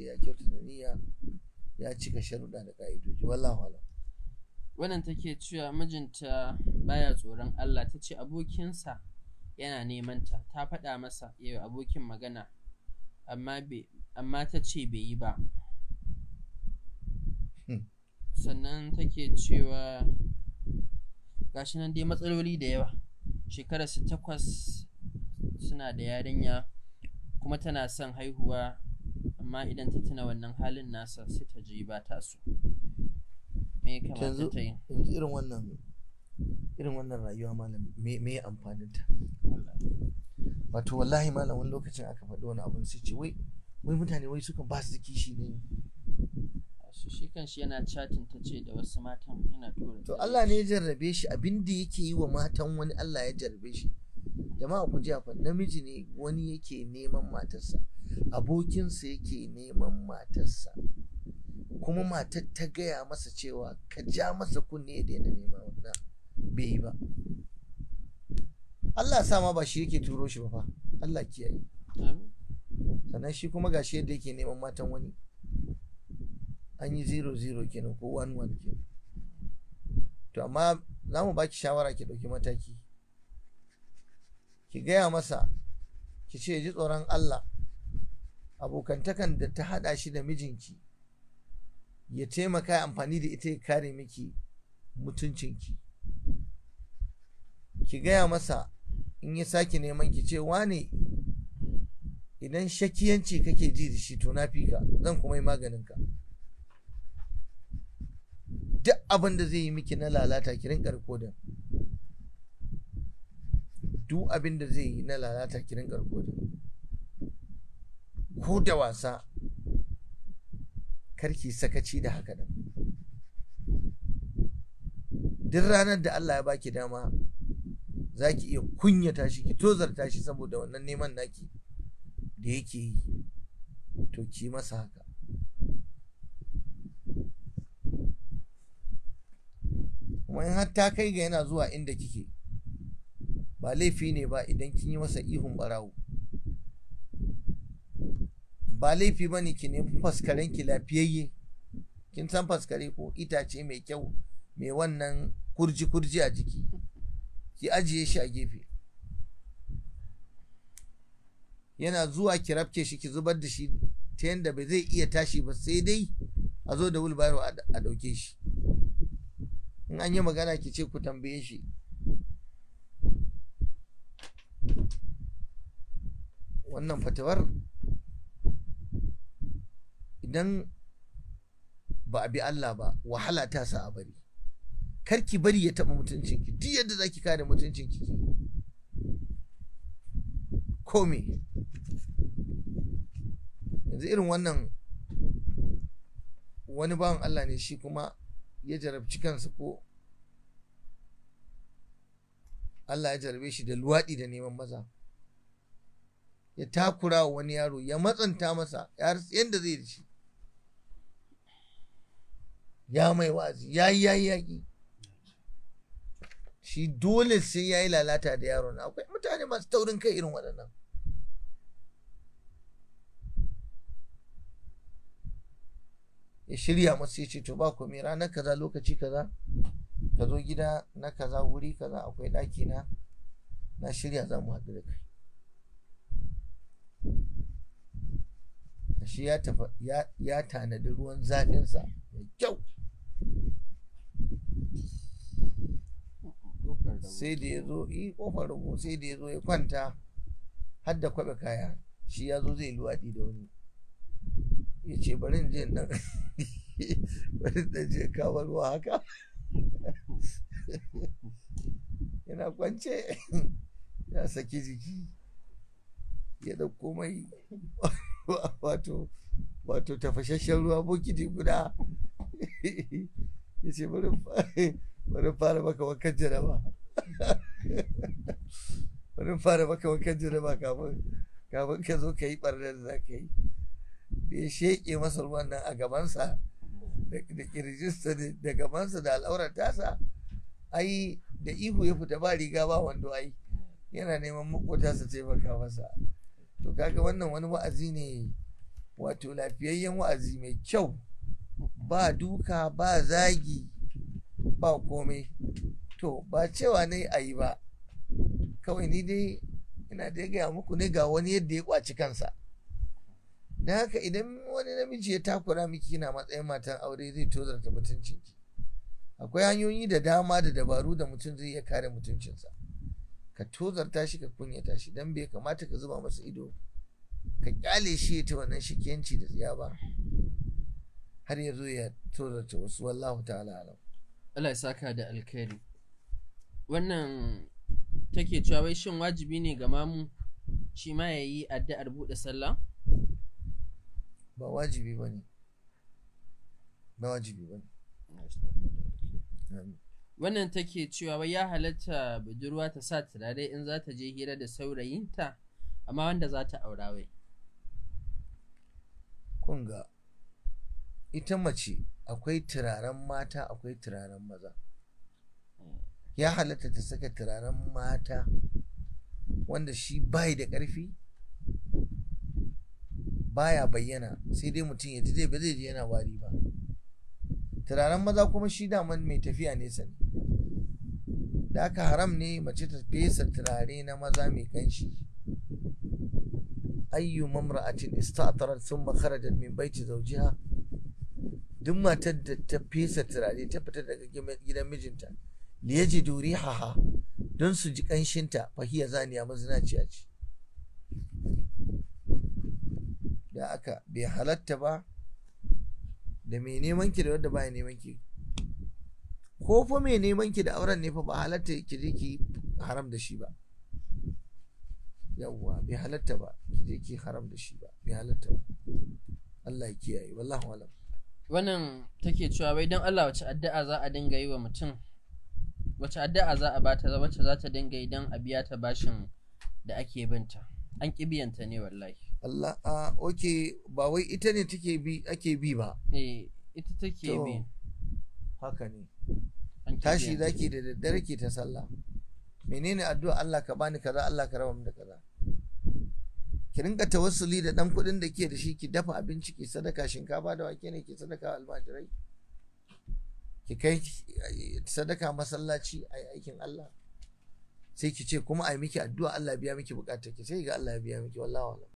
da ya ke niyya ya cika sharuɗa da ƙa'idoji wallahu alam wannan take cewa mijinta baya tsoron Allah ta ce abokinsa yana neman ta ta faɗa masa yau abokin magana amma ta ce bai yi ba hmm. sannan take cewa gashi dai matsaloli da yawa su takwas suna da yarinya kuma tana son haihuwa amma idan ta tuna wannan halin nasa sai ta ji ba ta so me ya kamata ta yi yanzu irin wannan irin wannan rayuwa malam me me amfani ta wato wallahi malam wani lokacin aka faɗi wani abun sai ce wai wai mutane wai sukan ba su kishi ne su shi shi yana chatin ta ce da wasu matan yana tura to Allah ne ya jarrabe shi abin da yake yi wa matan wani Allah ya jarrabe shi jama'a ku ji fa namiji ne wani yake neman matarsa abokinsa yake neman matarsa kuma matar ta gaya masa cewa ka ja masa kunne da yana nema wannan bai ba Allah sa ma ba shi yake turo shi ba fa Allah kiyaye sannan shi kuma gashi yadda yake neman matan wani an yi zero zero kenan ko one one kenan to amma za mu baki shawara ki ɗauki mataki ki gaya masa ki ce ji tsoron Allah abokantakan da ta haɗa shi da mijinki ya taimaka amfani da ita ya kare miki mutuncinki ki gaya masa in ya sake neman ki ce wane idan shakiyanci kake ji da shi to na zan kuma yi maganinka duk abinda zai yi miki na lalata ki rinka rikodin duk abin da zai yi na lalata kirin gargodi ko da wasa karki sakaci da haka nan duk ranar da Allah ya baki dama za ki iya kunyata shi ki tozarta shi saboda wannan neman naki da yake yi to ki masa haka kuma in har kai ga yana zuwa inda kike ba laifi ne ba idan kin yi masa ihun barawo ba laifi ba ne ki nemi faskarenki lafiyayye kin san faskare ko itace mai kyau mai wannan kurji-kurji a jiki ki ajiye shi a gefe yana zuwa ki rafke shi ki zubar da shi ta yadda bai zai iya tashi ba sai dai a zo da wulbaro a ɗauke shi in an yi magana ki ce ku tambaye shi wannan fatawar idan ba a bi Allah ba wahala ta sa a bari karki bari ya taɓa mutuncinki duk yadda za ki kare mutuncinki komai yanzu irin wannan wani bawan Allah ne shi kuma ya jarabci kansa ko Allah ya jarabe shi da luwaɗi da neman maza ya takura wa wani yaro ya matsanta masa yadda zai da shi ya mai wazi ya yi ya yi yaƙi shi dole sai ya yi lalata da yaro yaron akwai mutane masu taurin kai irin waɗannan ya shirya masu ya ce to ba ku rana ranar kaza lokaci kaza ka zo gida na kaza wuri kaza akwai ɗaki na na shirya za mu haɗu da kai shi ya tafa ya tanadi ruwan zafinsa mai kyau sai da ya zo yi kofar rubu sai da ya zo ya kwanta har da kwaɓe kaya shi ya zo zai luwaɗi da wani ya ce barin je nan barin da je kawo ruwa haka yana kwance ya saki jiki ya ɗauko mai wato wato tafashashen ruwa bokiti guda ya ce bari fara maka wankan jaraba bari fara maka wankan jaraba kafin ka zo ka yi ɓarnar da za ka yi da ya sheƙe masa ruwan nan a gabansa da kirjista da gabansa da al'aurar tasa ai da ihu ya fita ba riga ba wando ai yana neman makota su taimaka masa to kaga wannan wani wa'azi ne wato lafiyayyen wa'azi mai kyau ba duka ba zagi ba komai to ba cewa ne a yi ba kawai ni dai ina da gaya muku ne ga wani yadda ya kwaci kansa da haka idan wani namiji ya takura miki na matsayin matan aure zai tozarta mutuncinki akwai hanyoyi da dama da dabaru da mutum zai iya kare mutuncinsa ka tozarta shi ka kunyata shi don bai kamata ka zuba masa ido ka kyale shi ta wannan shikenci da tsiya ba har ya zo ya tozarta wasu wallahu ta'ala alam Allah ya saka da alkhairi wannan take cewa wai shin wajibi ne ga mamu shi ma ya yi addu'ar buɗe sallah ba wajibi ba ne ba wajibi ba ne wannan take cewa wai ya halatta budurwa ta sa turare in za ta je hira da saurayinta amma wanda za ta aura wai kunga ita mace akwai turaren mata akwai turaren maza ya halatta ta saka turaren mata wanda shi bai da karfi baya bayyana sai dai mutum ya ji ba zai ji yana wari ba turaren maza kuma shi daman mai tafiya nesa ne da aka haram ne mace ta fesa turare na maza mai kanshi ayyu mamra'atin istatarat thumma kharajat min baiti zawjiha duk matar da ta fesa turare ta fita daga gidan mijinta liyaji duri haha don su ji kanshinta fahiya zaniya mazinaciya ce da aka bai halatta ba da mai neman ki da wadda ba neman ki ko fa mai neman ki da auren ne fa ba halatta ki je ki haram da shi ba yawwa bai halatta ba ki je ki haram da shi ba bai halatta ba Allah ya kiyaye wallahi alam wannan take cewa wai don Allah wace addu'a za a dinga yi wa mutum wace addu'a za a bata wacce za ta dinga yi don a biya ta bashin da ake binta an kibiyanta ne wallahi Allah a ok ba wai ita ne take bi ake bi ba eh ita take bi haka ne tashi zaki da daddare ke ta sallah menene addu'a Allah ka bani kaza Allah ka raba da kaza ki rinka tawassuli da dan kuɗin da ke da shi ki dafa abinci ki sadaka shinkafa da wake ne ki sadaka almajirai ki kai sadaka masallaci a aikin Allah sai ki ce kuma a yi miki addu'a Allah biya miki bukatar ki sai ga Allah ya biya miki wallahi